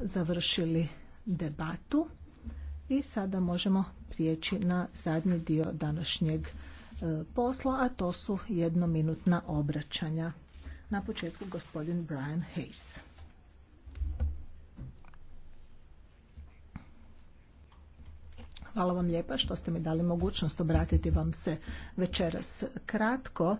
završili debatu i sada možemo prijeći na zadnji dio današnjeg e, posla, a to su jednominutna obraćanja. Na početku gospodin Brian Hayes. Hvala vam lijepa što ste mi dali mogućnost obratiti vam se večeras kratko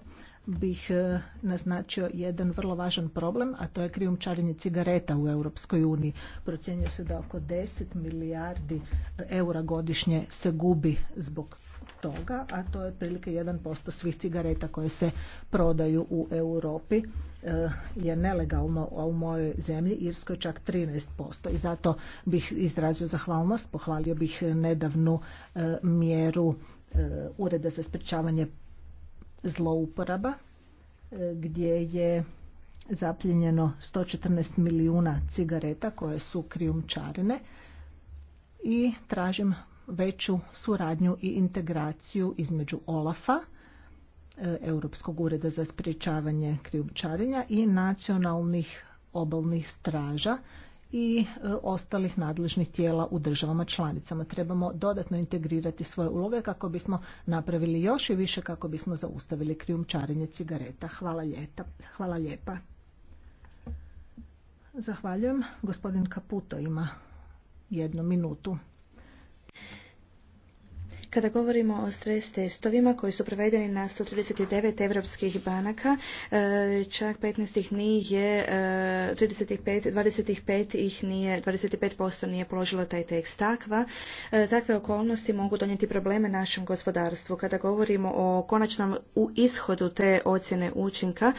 bih e, naznačio jedan vrlo važan problem, a to je krijumčarenje cigareta u Europskoj uniji. Procjenjuje se da oko 10 milijardi eura godišnje se gubi zbog toga, a to je otprilike 1% svih cigareta koje se prodaju u Europi e, je nelegalno, a u mojoj zemlji Irskoj čak 13%. I zato bih izrazio zahvalnost, pohvalio bih nedavnu e, mjeru Ureda za sprečavanje zlouporaba e, gdje je zapljenjeno 114 milijuna cigareta koje su krijumčarene i tražim veću suradnju i integraciju između OLAF-a, e, Europskog ureda za sprječavanje krijumčarenja i nacionalnih obalnih straža i e, ostalih nadležnih tijela u državama članicama. Trebamo dodatno integrirati svoje uloge kako bismo napravili još i više kako bismo zaustavili krijumčarenje cigareta. Hvala, Hvala lijepa. Zahvaljujem. Gospodin Kaputo ima jednu minutu. Kada govorimo o stres testovima koji su provedeni na 139 evropskih banaka, e, čak 15 ih nije, 35, e, 25 ih nije, 25% nije položilo taj tekst. Takva, e, takve okolnosti mogu donijeti probleme našem gospodarstvu. Kada govorimo o konačnom ishodu te ocjene učinka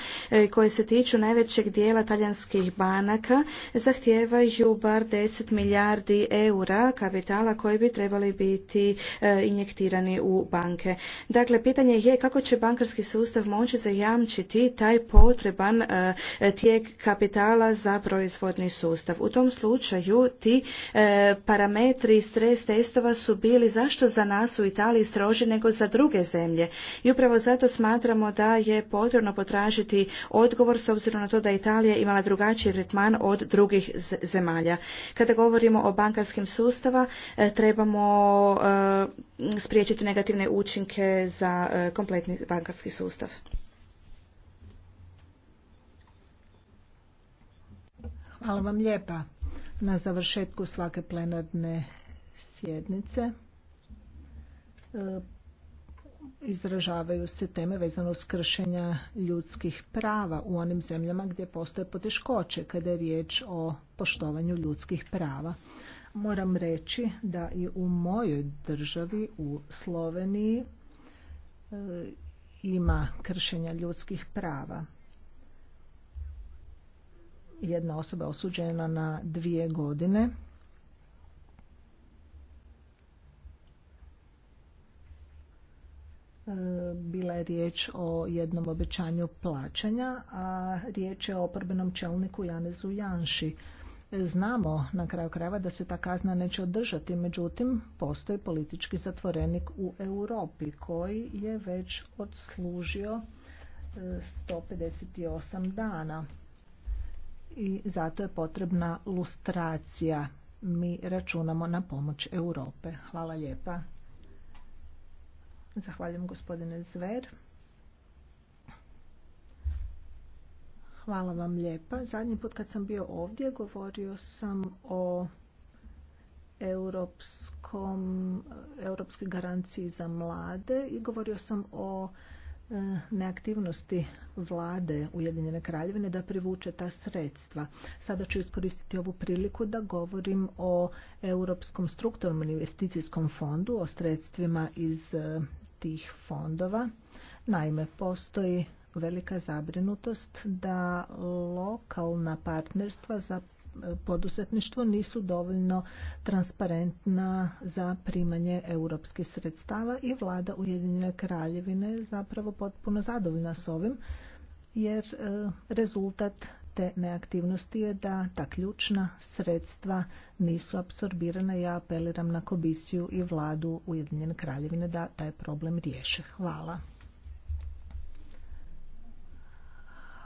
koje se tiču najvećeg dijela talijanskih banaka, zahtijevaju bar 10 milijardi eura kapitala koji bi trebali biti injektirani u banke. Dakle, pitanje je kako će bankarski sustav moći zajamčiti taj potreban e, tijek kapitala za proizvodni sustav. U tom slučaju ti e, parametri stres testova su bili zašto za nas u Italiji stroži nego za druge zemlje. I upravo zato smatramo da je potrebno potražiti odgovor s obzirom na to da Italija imala drugačiji tretman od drugih zemalja. Kada govorimo o bankarskim sustava, e, trebamo spriječiti negativne učinke za e, kompletni bankarski sustav. Hvala vam lijepa na završetku svake plenarne sjednice. E, izražavaju se teme vezano s kršenja ljudskih prava u onim zemljama gdje postoje poteškoće kada je riječ o poštovanju ljudskih prava. Moram reći da i u mojoj državi, u Sloveniji, e, ima kršenja ljudskih prava. Jedna osoba je osuđena na dvije godine. E, bila je riječ o jednom obećanju plaćanja, a riječ je o oporbenom čelniku Janezu Janši. Znamo na kraju krajeva da se ta kazna neće održati, međutim postoji politički zatvorenik u Europi koji je već odslužio 158 e, dana i zato je potrebna lustracija. Mi računamo na pomoć Europe. Hvala lijepa. Zahvaljujem gospodine Zver. Hvala vam lijepa. Zadnji put kad sam bio ovdje govorio sam o europskom, europskoj garanciji za mlade i govorio sam o e, neaktivnosti vlade Ujedinjene kraljevine da privuče ta sredstva. Sada ću iskoristiti ovu priliku da govorim o Europskom strukturnom investicijskom fondu, o sredstvima iz e, tih fondova. Naime, postoji velika zabrinutost da lokalna partnerstva za poduzetništvo nisu dovoljno transparentna za primanje europskih sredstava i vlada Ujedinjene kraljevine je zapravo potpuno zadovoljna s ovim jer e, rezultat te neaktivnosti je da ta ključna sredstva nisu apsorbirana. Ja apeliram na komisiju i vladu Ujedinjene kraljevine da taj problem riješe. Hvala.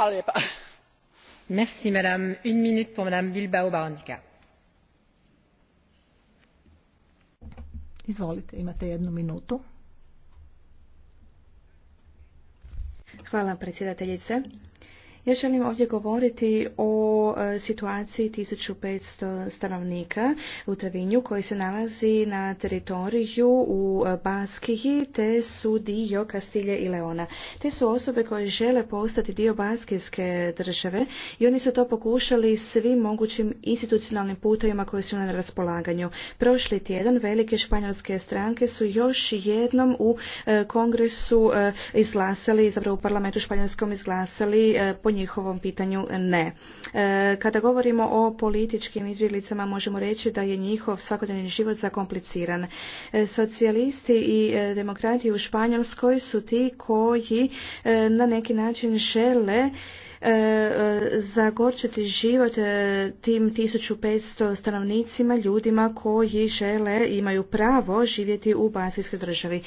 Halepa. Merci madame, une minute pour madame Izvolite, imate jednu minutu. Hvala predsjedatelice. Ja želim ovdje govoriti o e, situaciji 1500 stanovnika u Trevinju koji se nalazi na teritoriju u e, Baskiji te su dio Kastilje i Leona. Te su osobe koje žele postati dio Baskijske države i oni su to pokušali svim mogućim institucionalnim putovima koji su na raspolaganju. Prošli tjedan velike španjolske stranke su još jednom u e, kongresu izglasali, zapravo u parlamentu španjolskom izglasali njihovom pitanju ne. E, kada govorimo o političkim izbjeglicama možemo reći da je njihov svakodnevni život zakompliciran. E, socijalisti i e, demokrati u Španjolskoj su ti koji na neki način žele E, e, zagorčiti život e, tim 1500 stanovnicima, ljudima koji žele, imaju pravo živjeti u basijskoj državi.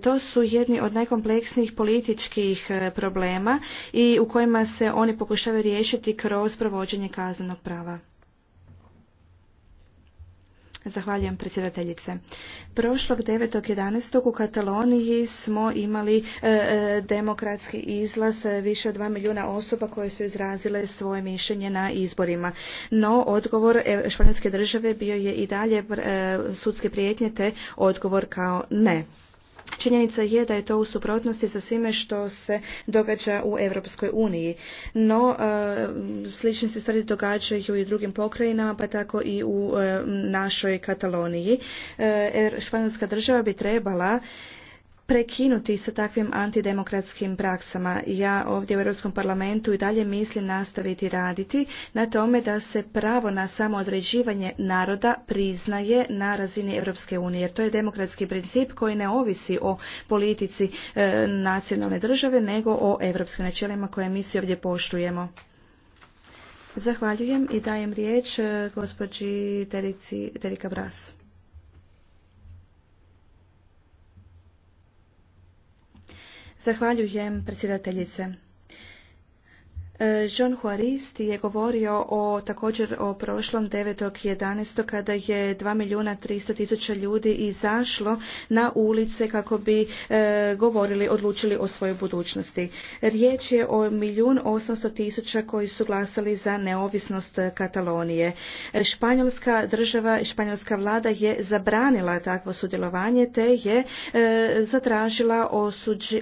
To su jedni od najkompleksnijih političkih problema i u kojima se oni pokušavaju riješiti kroz provođenje kaznenog prava. Zahvaljujem predsjedateljice. Prošlog 9.11. u Kataloniji smo imali e, e, demokratski izlaz više od 2 milijuna osoba koje su izrazile svoje mišljenje na izborima. No, odgovor e, španjolske države bio je i dalje sudske prijetnje te odgovor kao ne. Činjenica je da je to u suprotnosti sa svime što se događa u Europskoj uniji. No, e, slični se stvari događaju i u drugim pokrajinama, pa tako i u e, našoj Kataloniji. E, španjolska država bi trebala prekinuti sa takvim antidemokratskim praksama. Ja ovdje u Europskom parlamentu i dalje mislim nastaviti raditi na tome da se pravo na samoodređivanje naroda priznaje na razini Europske unije. Jer to je demokratski princip koji ne ovisi o politici e, nacionalne države nego o evropskim načelima koje mi svi ovdje poštujemo. Zahvaljujem i dajem riječ e, gospođi Terici, Terika Bras. Zahvaljujem predsjedateljice. Jean Huarist je govorio o također o prošlom 9.11. kada je 2 milijuna 300 tisuća ljudi izašlo na ulice kako bi e, govorili, odlučili o svojoj budućnosti. Riječ je o milijun 800 tisuća koji su glasali za neovisnost Katalonije. Španjolska država i španjolska vlada je zabranila takvo sudjelovanje te je e, zatražila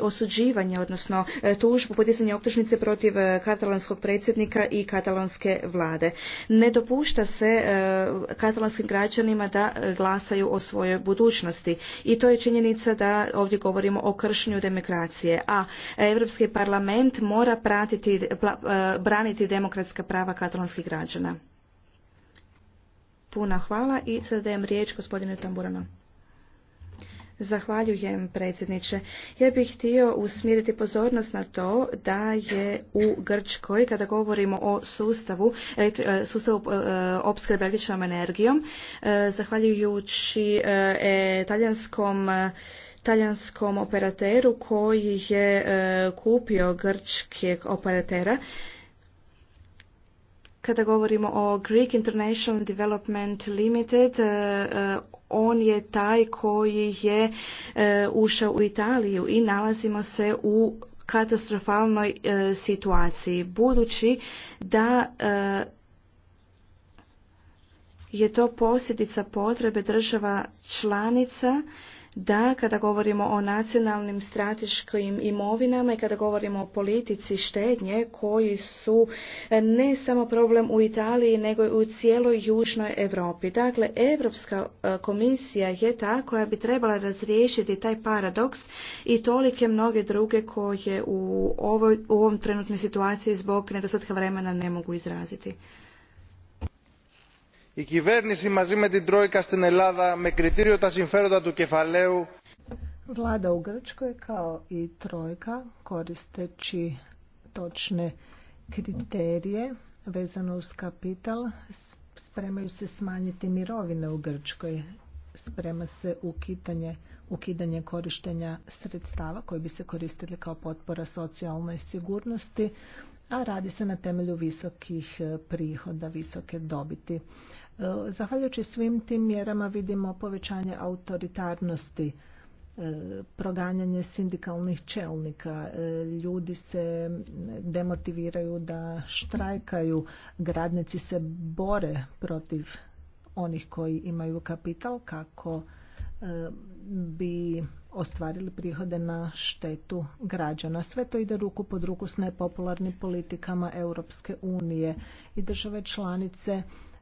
osuđivanje, odnosno e, tužbu, podizanje optužnice protiv Katalonije katalonskog predsjednika i katalonske vlade. Ne dopušta se e, katalonskim građanima da glasaju o svojoj budućnosti i to je činjenica da ovdje govorimo o kršenju demokracije, a Europski parlament mora pratiti, e, braniti demokratska prava katalonskih građana. Puna hvala i sada dajem riječ gospodinu Tamburanu. Zahvaljujem predsjedniče. Ja bih htio usmjeriti pozornost na to da je u Grčkoj, kada govorimo o sustavu, e, sustavu e, opskrbe električnom energijom, e, zahvaljujući talijanskom talijanskom operateru koji je kupio grčkog operatera kada govorimo o Greek International Development Limited, e, e, on je taj koji je e, ušao u Italiju i nalazimo se u katastrofalnoj situaciji. Budući da je to posljedica potrebe država članica da kada govorimo o nacionalnim strateškim imovinama i kada govorimo o politici štednje koji su e, ne samo problem u Italiji nego i u cijeloj južnoj Europi. Dakle, Europska e, komisija je ta koja bi trebala razriješiti taj paradoks i tolike mnoge druge koje u, ovoj, u ovom trenutnoj situaciji zbog nedostatka vremena ne mogu izraziti η κυβέρνηση μαζί με την τρόικα στην ελλάδα με κριτήριο τα συμφέροντα του κεφαλαίου Vlada u Grčkoj kao i trojka koristeći točne kriterije vezano uz kapital spremaju se smanjiti mirovine u Grčkoj. Sprema se ukidanje, ukidanje korištenja sredstava koji bi se koristili kao potpora socijalnoj sigurnosti, a radi se na temelju visokih eh, prihoda, visoke dobiti. E, zahvaljujući svim tim mjerama vidimo povećanje autoritarnosti, e, proganjanje sindikalnih čelnika, e, ljudi se demotiviraju da štrajkaju, gradnici se bore protiv onih koji imaju kapital kako bi ostvarili prihode na štetu građana. Sve to ide ruku pod ruku s nepopularnim politikama Europske unije i države članice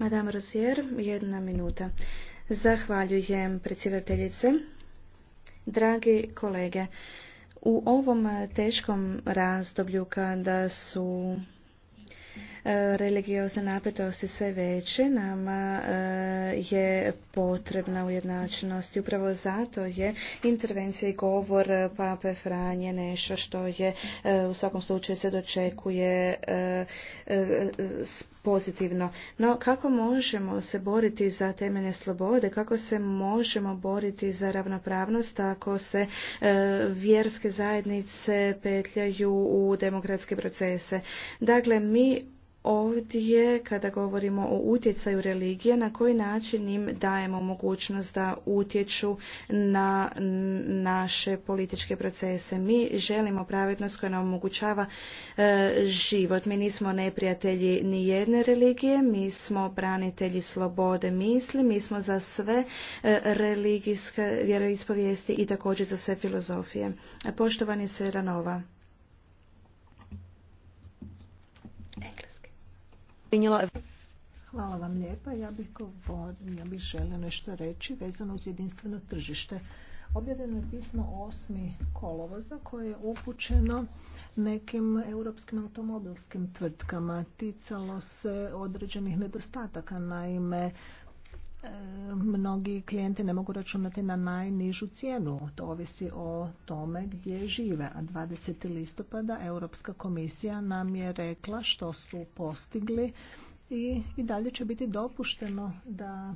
Madame Rosier, jedna minuta. Zahvaljujem predsjedateljice. Dragi kolege, u ovom teškom razdoblju kada su E, religiozne napetosti sve veće, nama e, je potrebna ujednačenost. Upravo zato je intervencija i govor Pape Franje nešto što je e, u svakom slučaju se dočekuje pozitivno. No, kako možemo se boriti za temeljne slobode, kako se možemo boriti za ravnopravnost ako se vjerske zajednice petljaju u demokratske procese? Dakle, mi ovdje kada govorimo o utjecaju religije na koji način im dajemo mogućnost da utječu na naše političke procese mi želimo pravednost koja nam omogućava e, život mi nismo neprijatelji ni jedne religije mi smo branitelji slobode misli mi smo za sve e, religijske vjeroispovijesti i također za sve filozofije poštovani Seranova Hvala vam lijepa. Ja bih, ja bih želio nešto reći vezano uz jedinstveno tržište. Objavljeno je pismo osmi kolovoza koje je upućeno nekim europskim automobilskim tvrtkama. Ticalo se određenih nedostataka, naime mnogi klijenti ne mogu računati na najnižu cijenu. To ovisi o tome gdje žive. A 20. listopada Europska komisija nam je rekla što su postigli i, i dalje će biti dopušteno da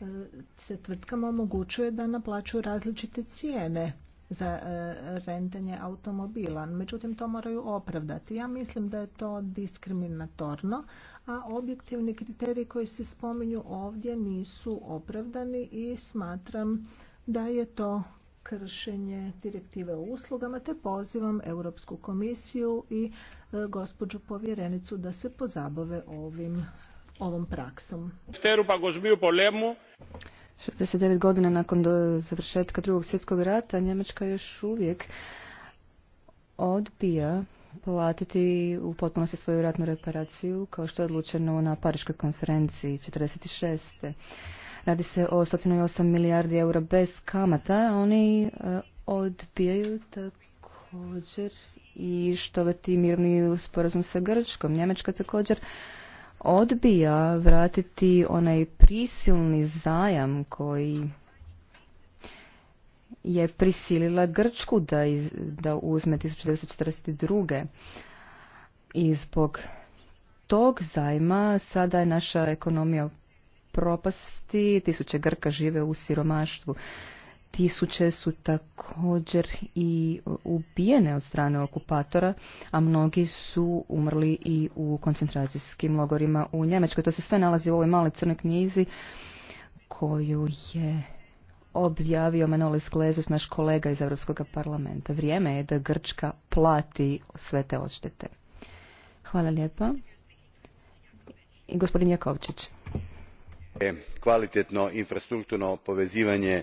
e, se tvrtkama omogućuje da naplaćuju različite cijene za e, rentanje automobila. Međutim, to moraju opravdati. Ja mislim da je to diskriminatorno, a objektivni kriteriji koji se spominju ovdje nisu opravdani i smatram da je to kršenje direktive o uslugama te pozivam Europsku komisiju i e, gospođu povjerenicu da se pozabave ovim ovom praksom. 69 godina nakon do završetka drugog svjetskog rata Njemačka još uvijek odbija platiti u potpunosti svoju ratnu reparaciju kao što je odlučeno na Pariškoj konferenciji 46. Radi se o 108 milijardi eura bez kamata. Oni eh, odbijaju također i štovati mirni sporazum sa Grčkom. Njemačka također odbija vratiti onaj prisilni zajam koji je prisilila Grčku da, iz, da uzme 1942. I zbog tog zajma sada je naša ekonomija propasti, tisuće Grka žive u siromaštvu tisuće su također i ubijene od strane okupatora, a mnogi su umrli i u koncentracijskim logorima u Njemačkoj. To se sve nalazi u ovoj male crnoj knjizi koju je objavio Manolis Glezos, naš kolega iz Europskog parlamenta. Vrijeme je da Grčka plati sve te odštete. Hvala lijepa. I gospodin Jakovčić. Kvalitetno infrastrukturno povezivanje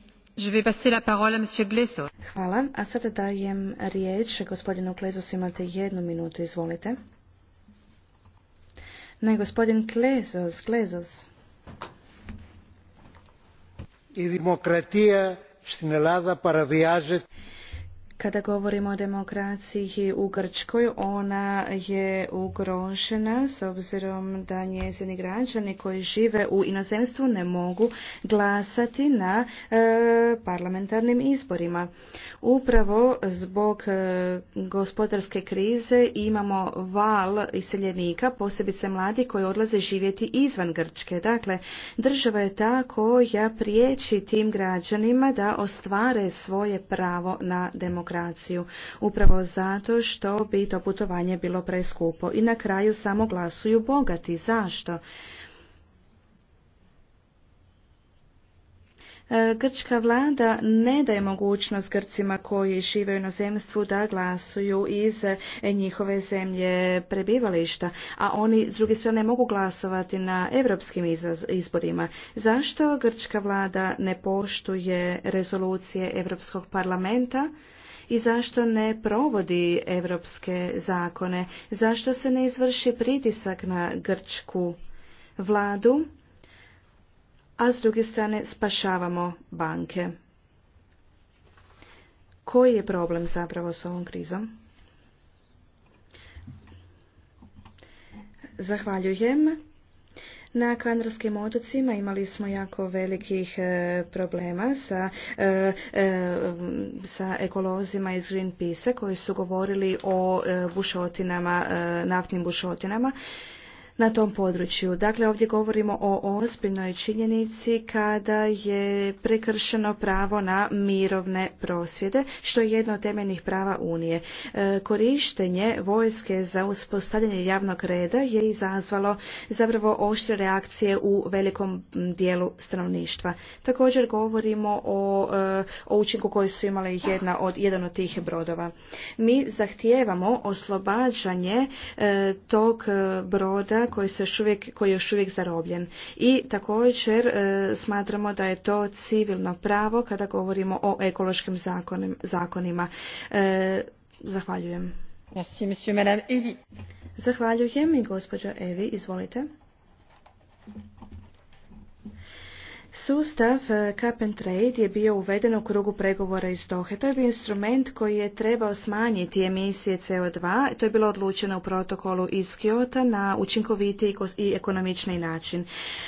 Hvala. A sada dajem riječ gospodinu Klezosu. Imate jednu minutu, izvolite. Ne, gospodin Klezos, Klezos. I demokratija στην Ελλάδα παραβιάζεται. Kada govorimo o demokraciji u Grčkoj, ona je ugrožena s obzirom da njezini građani koji žive u inozemstvu ne mogu glasati na e, parlamentarnim izborima. Upravo zbog e, gospodarske krize imamo val iseljenika, posebice mladi koji odlaze živjeti izvan Grčke. Dakle, država je ta koja priječi tim građanima da ostvare svoje pravo na demokraciju upravo zato što bi to putovanje bilo preskupo. I na kraju samo glasuju bogati. Zašto? E, grčka vlada ne daje mogućnost Grcima koji žive u inozemstvu da glasuju iz njihove zemlje prebivališta, a oni s druge strane mogu glasovati na europskim izborima. Zašto Grčka vlada ne poštuje rezolucije Europskog parlamenta? i zašto ne provodi europske zakone? Zašto se ne izvrši pritisak na grčku vladu, a s druge strane spašavamo banke? Koji je problem zapravo s ovom krizom? Zahvaljujem. Na Kanarskim otocima imali smo jako velikih e, problema e, e, sa, ekolozima iz Greenpeace-a koji su govorili o bušotinama, naftnim bušotinama na tom području. Dakle, ovdje govorimo o ozbiljnoj činjenici kada je prekršeno pravo na mirovne prosvjede, što je jedno od temeljnih prava Unije. E, korištenje vojske za uspostavljanje javnog reda je izazvalo zapravo oštre reakcije u velikom dijelu stanovništva. Također govorimo o, e, učinku koji su imali jedna od, jedan od tih brodova. Mi zahtijevamo oslobađanje e, tog broda koji, se još koji je još uvijek zarobljen. I također e, smatramo da je to civilno pravo kada govorimo o ekološkim zakonima. E, zahvaljujem. Merci, monsieur, Zahvaljujem i gospođo Evi, izvolite. Sustav eh, cap and trade je bio uveden u krugu pregovora iz Dohe. To je bio instrument koji je trebao smanjiti emisije CO2. To je bilo odlučeno u protokolu iz Kyoto na učinkovitiji i ekonomični način.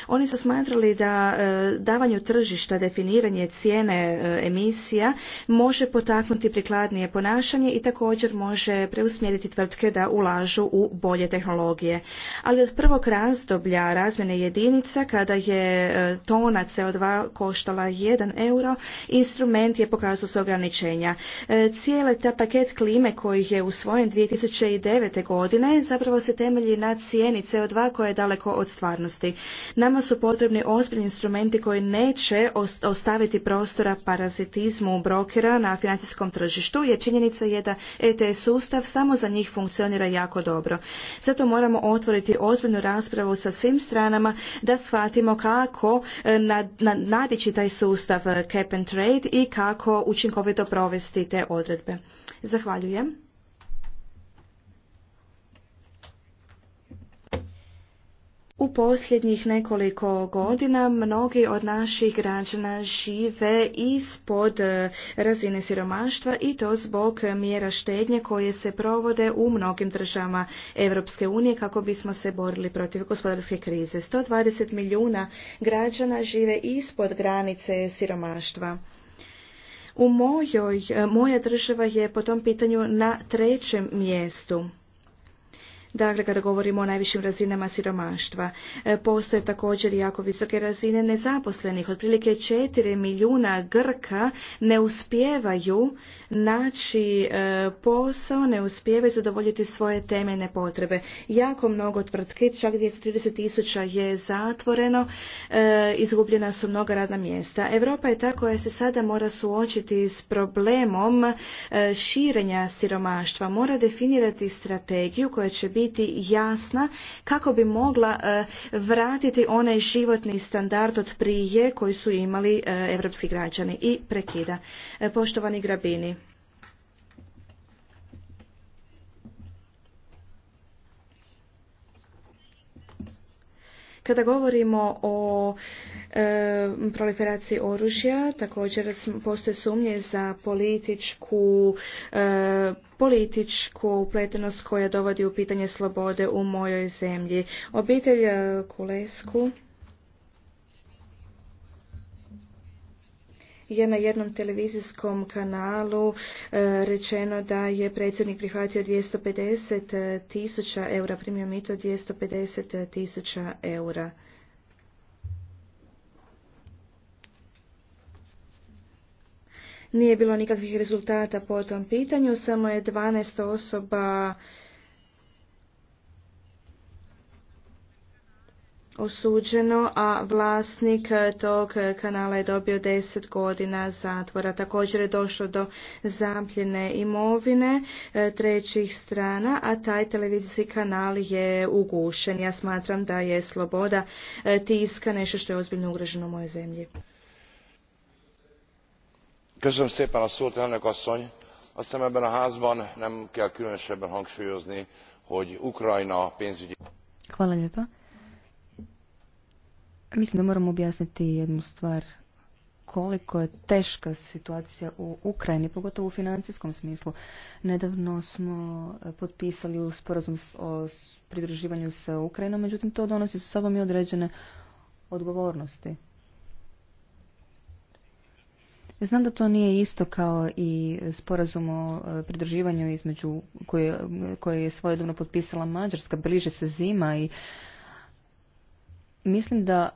Oni su smatrali da eh, davanju tržišta definiranje cijene eh, emisija može potaknuti prikladnije ponašanje i također može preusmjeriti tvrtke da ulažu u bolje tehnologije. Ali od prvog razdoblja razmjene jedinica kada je tonac CO2 koštala 1 euro, instrument je pokazao se ograničenja. E, cijeli taj paket klime koji je usvojen 2009. godine zapravo se temelji na cijeni CO2 koja je daleko od stvarnosti. Nama su potrebni ozbiljni instrumenti koji neće ostaviti prostora parazitizmu brokera na financijskom tržištu jer činjenica je da ETS sustav samo za njih funkcionira jako dobro. Zato moramo otvoriti ozbiljnu raspravu sa svim stranama da shvatimo kako e, na nadići taj sustav eh, cap and trade i kako učinkovito provesti te odredbe. Zahvaljujem. U posljednjih nekoliko godina mnogi od naših građana žive ispod e, razine siromaštva i to zbog mjera štednje koje se provode u mnogim državama Europske unije kako bismo se borili protiv gospodarske krize. 120 milijuna građana žive ispod granice siromaštva. U mojoj, e, moja država je po tom pitanju na trećem mjestu dakle kada govorimo o najvišim razinama siromaštva. E, postoje također jako visoke razine nezaposlenih. Otprilike 4 milijuna Grka ne uspijevaju naći e, posao, ne uspijevaju zadovoljiti svoje temeljne potrebe. Jako mnogo tvrtki, čak 230 tisuća je zatvoreno, e, izgubljena su mnoga radna mjesta. Europa je ta koja se sada mora suočiti s problemom širenja siromaštva, mora definirati strategiju koja će biti biti jasna kako bi mogla e, vratiti onaj životni standard od prije koji su imali e, evropski građani i prekida. E, poštovani Grabini. Kada govorimo o E, proliferaciji oružja. Također postoje sumnje za političku e, političku upletenost koja dovodi u pitanje slobode u mojoj zemlji. Obitelj e, Kulesku je na jednom televizijskom kanalu rečeno da je predsjednik prihvatio 250 tisuća eura, primio mito 250 tisuća eura. Nije bilo nikakvih rezultata po tom pitanju, samo je 12 osoba osuđeno, a vlasnik tog kanala je dobio 10 godina zatvora. Također je došlo do zampljene imovine e, trećih strana, a taj televizijski kanal je ugušen. Ja smatram da je sloboda e, tiska nešto što je ozbiljno ugroženo u mojoj zemlji elnök asszony azt hiszem ebben a házban nem kell különösebben hangsúlyozni hogy ukrajna pénzügyi. hvala lijepa mislim da moram objasniti jednu stvar koliko je teška situacija u Ukrajini, pogotovo u financijskom smislu. Nedavno smo potpisali sporazum o pridruživanju sa Ukrajinom, međutim to donosi sa sobom i određene odgovornosti. Znam da to nije isto kao i sporazum o e, pridruživanju između koje, je je svojedobno potpisala Mađarska, bliže se zima i mislim da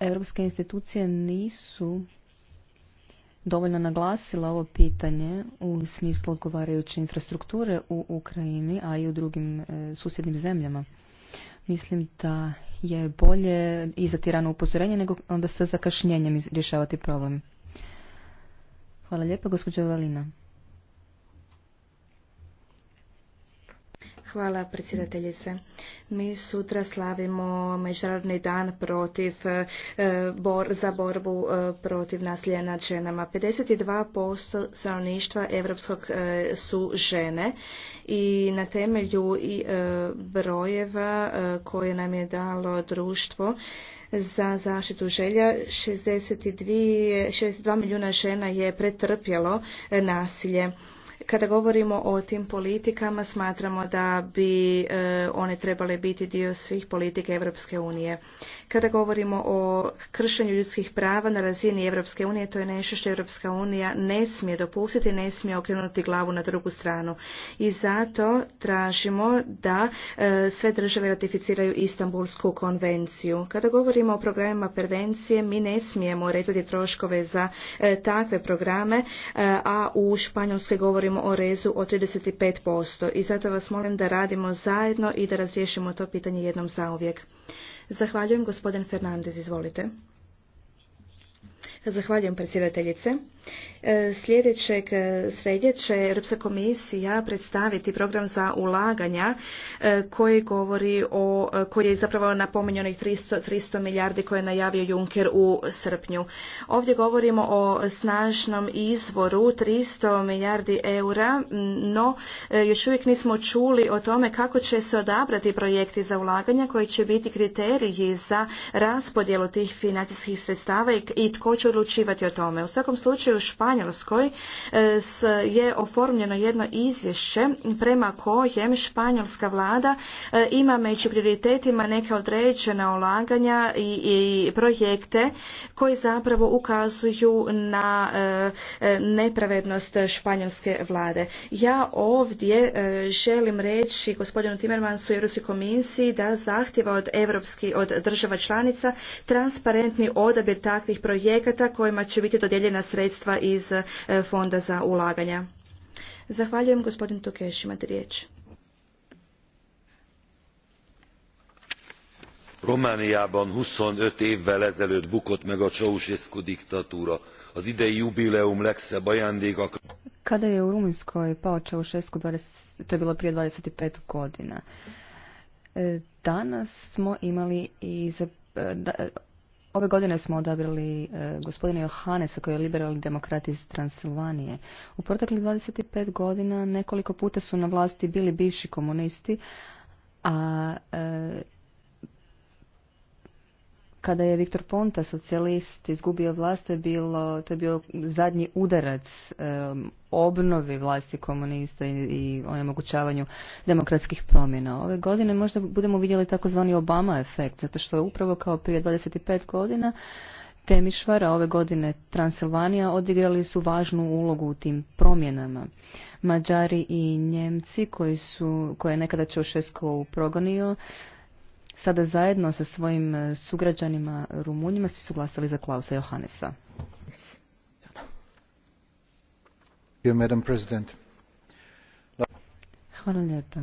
europske institucije nisu dovoljno naglasile ovo pitanje u smislu odgovarajuće infrastrukture u Ukrajini, a i u drugim e, susjednim zemljama. Mislim da je bolje izati rano upozorenje nego onda sa zakašnjenjem rješavati problem. Hvala lijepa, gospođa Valina. Hvala predsjedateljice. Mi sutra slavimo Međunarodni dan protiv e, bor, za borbu e, protiv nasilja nad ženama. 52% stanovništva europskog e, su žene i na temelju brojeva koje nam je dalo društvo za zaštitu želja. 62, 62 milijuna žena je pretrpjelo nasilje. Kada govorimo o tim politikama, smatramo da bi e, one trebale biti dio svih politika Europske unije. Kada govorimo o kršenju ljudskih prava na razini Europske unije, to je nešto što Europska unija ne smije dopustiti, ne smije okrenuti glavu na drugu stranu. I zato tražimo da e, sve države ratificiraju Istanbulsku konvenciju. Kada govorimo o programima prevencije, mi ne smijemo rezati troškove za e, takve programe, a u Španjolskoj govorimo o rezu od 35% i zato vas molim da radimo zajedno i da razriješimo to pitanje jednom zauvijek. Zahvaljujem gospodin Fernandez, izvolite. Zahvaljujem predsjedateljice. E, sljedećeg e, sredje će Europska komisija predstaviti program za ulaganja e, koji govori o, koji je zapravo napominjeno onih 300, 300 milijardi koje je najavio Juncker u srpnju. Ovdje govorimo o snažnom izvoru 300 milijardi eura, no još uvijek nismo čuli o tome kako će se odabrati projekti za ulaganja koji će biti kriteriji za raspodjelu tih financijskih sredstava i tko će odlučivati o tome. U svakom slučaju u Španjolskoj e, je oformljeno jedno izvješće prema kojem španjolska vlada e, ima među prioritetima neke određene ulaganja i, i projekte koji zapravo ukazuju na e, nepravednost španjolske vlade. Ja ovdje želim reći gospodinu Timmermansu i Europskoj komisiji da zahtjeva od europski od država članica transparentni odabir takvih projekata kojima će biti dodijeljena sredstva sredstva iz e, fonda za ulaganja. Zahvaljujem gospodin Tokeš, imate riječ. romániában 25 évvel ezelőtt bukott meg a ceausescu diktatúra. az idei jubileum legszebb ajándéka. kada je u rumunjskoj pao ceausescu to je bilo prije 25 godina e, danas smo imali i e, Ove godine smo odabrali e, gospodina Johanesa koji je liberalni demokrat iz Transilvanije. U proteklih 25 godina nekoliko puta su na vlasti bili bivši komunisti, a e, kada je Viktor Ponta, socijalist, izgubio vlast, to je, bilo, to je bio zadnji udarac obnovi vlasti komunista i, i onemogućavanju demokratskih promjena. Ove godine možda budemo vidjeli takozvani Obama efekt, zato što je upravo kao prije 25 godina Temišvara, ove godine Transilvanija, odigrali su važnu ulogu u tim promjenama. Mađari i Njemci, koji su, koje je nekada Čaušesko progonio, sada zajedno sa svojim e, sugrađanima Rumunjima svi su glasali za Klausa Johanesa. Hvala lijepa.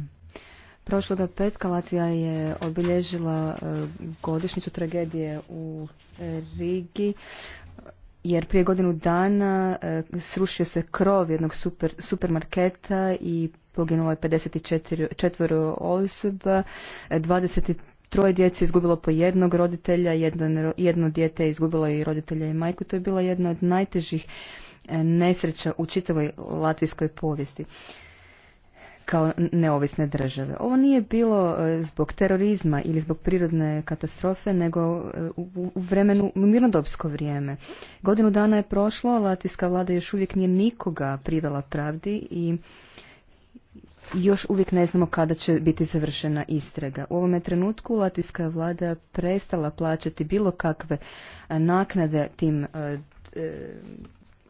Prošloga petka Latvija je obilježila e, godišnjicu tragedije u Rigi jer prije godinu dana e, srušio se krov jednog supermarketa i poginulo je 54 osoba, troje djece izgubilo po jednog roditelja, jedno, jedno dijete je izgubilo i roditelja i majku. To je bila jedna od najtežih e, nesreća u čitavoj latvijskoj povijesti kao neovisne države. Ovo nije bilo e, zbog terorizma ili zbog prirodne katastrofe, nego e, u vremenu, u mirnodopsko vrijeme. Godinu dana je prošlo, latvijska vlada još uvijek nije nikoga privela pravdi i još uvijek ne znamo kada će biti završena istraga. U ovome trenutku Latvijska vlada prestala plaćati bilo kakve e, naknade tim e, e,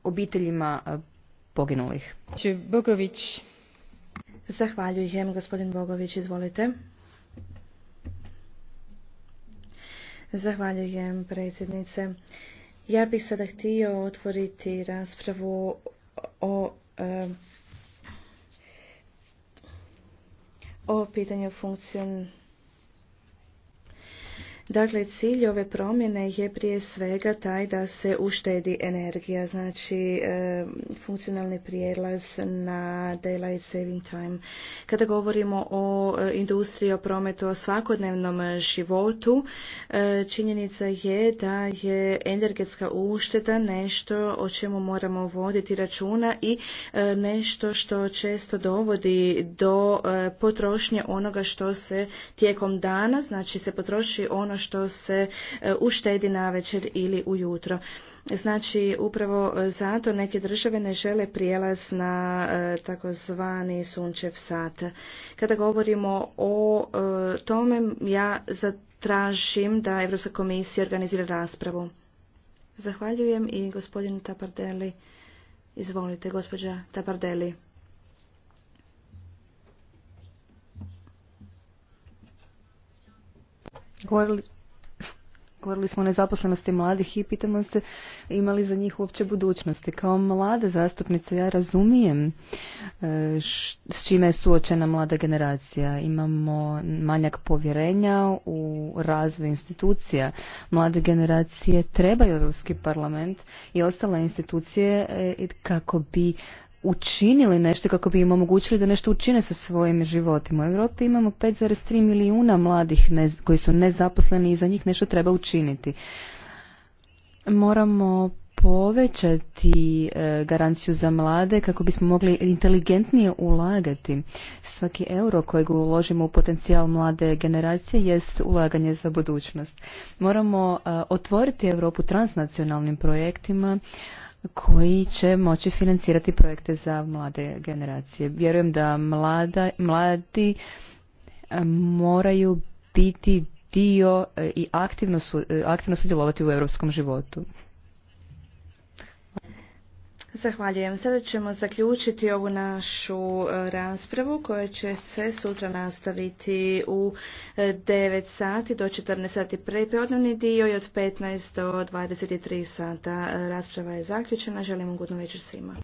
obiteljima poginulih. Bogović. Zahvaljujem, gospodin Bogović, izvolite. Zahvaljujem, predsjednice. Ja bih sada htio otvoriti raspravu o o pitanju funkcionalnosti Dakle, cilj ove promjene je prije svega taj da se uštedi energija, znači e, funkcionalni prijelaz na daylight saving time. Kada govorimo o e, industriji, o prometu, o svakodnevnom životu, e, činjenica je da je energetska ušteda nešto o čemu moramo voditi računa i nešto što često dovodi do potrošnje onoga što se tijekom dana, znači se potroši ono ono što se e, uštedi večer ili ujutro. Znači, upravo e, zato neke države ne žele prijelaz na e, takozvani sunčev sat. Kada govorimo o tome, ja zatražim da Europska komisija organizira raspravu. Zahvaljujem i gospodinu Tapardeli. Izvolite, gospođa Tapardeli. Govorili, govorili smo o nezaposlenosti mladih i pitamo se imali za njih uopće budućnosti. Kao mlade zastupnice ja razumijem e, s čime je suočena mlada generacija. Imamo manjak povjerenja u razvoj institucija. Mlade generacije trebaju Europski parlament i ostale institucije e, kako bi učinili nešto kako bi im omogućili da nešto učine sa svojim životima. U Europi imamo 5,3 milijuna mladih koji su nezaposleni i za njih nešto treba učiniti. Moramo povećati e, garanciju za mlade kako bismo mogli inteligentnije ulagati. Svaki euro kojeg uložimo u potencijal mlade generacije jest ulaganje za budućnost. Moramo e, otvoriti Europu transnacionalnim projektima, koji će moći financirati projekte za mlade generacije. Vjerujem da mlada, mladi e, moraju biti dio e, i aktivno, e, aktivno sudjelovati u europskom životu. Zahvaljujem. Sada ćemo zaključiti ovu našu e, raspravu koja će se sutra nastaviti u 9 e, sati do 14 sati prepodnevni dio i od 15 do 23 sata. E, rasprava je zaključena. Želim ugodnu večer svima.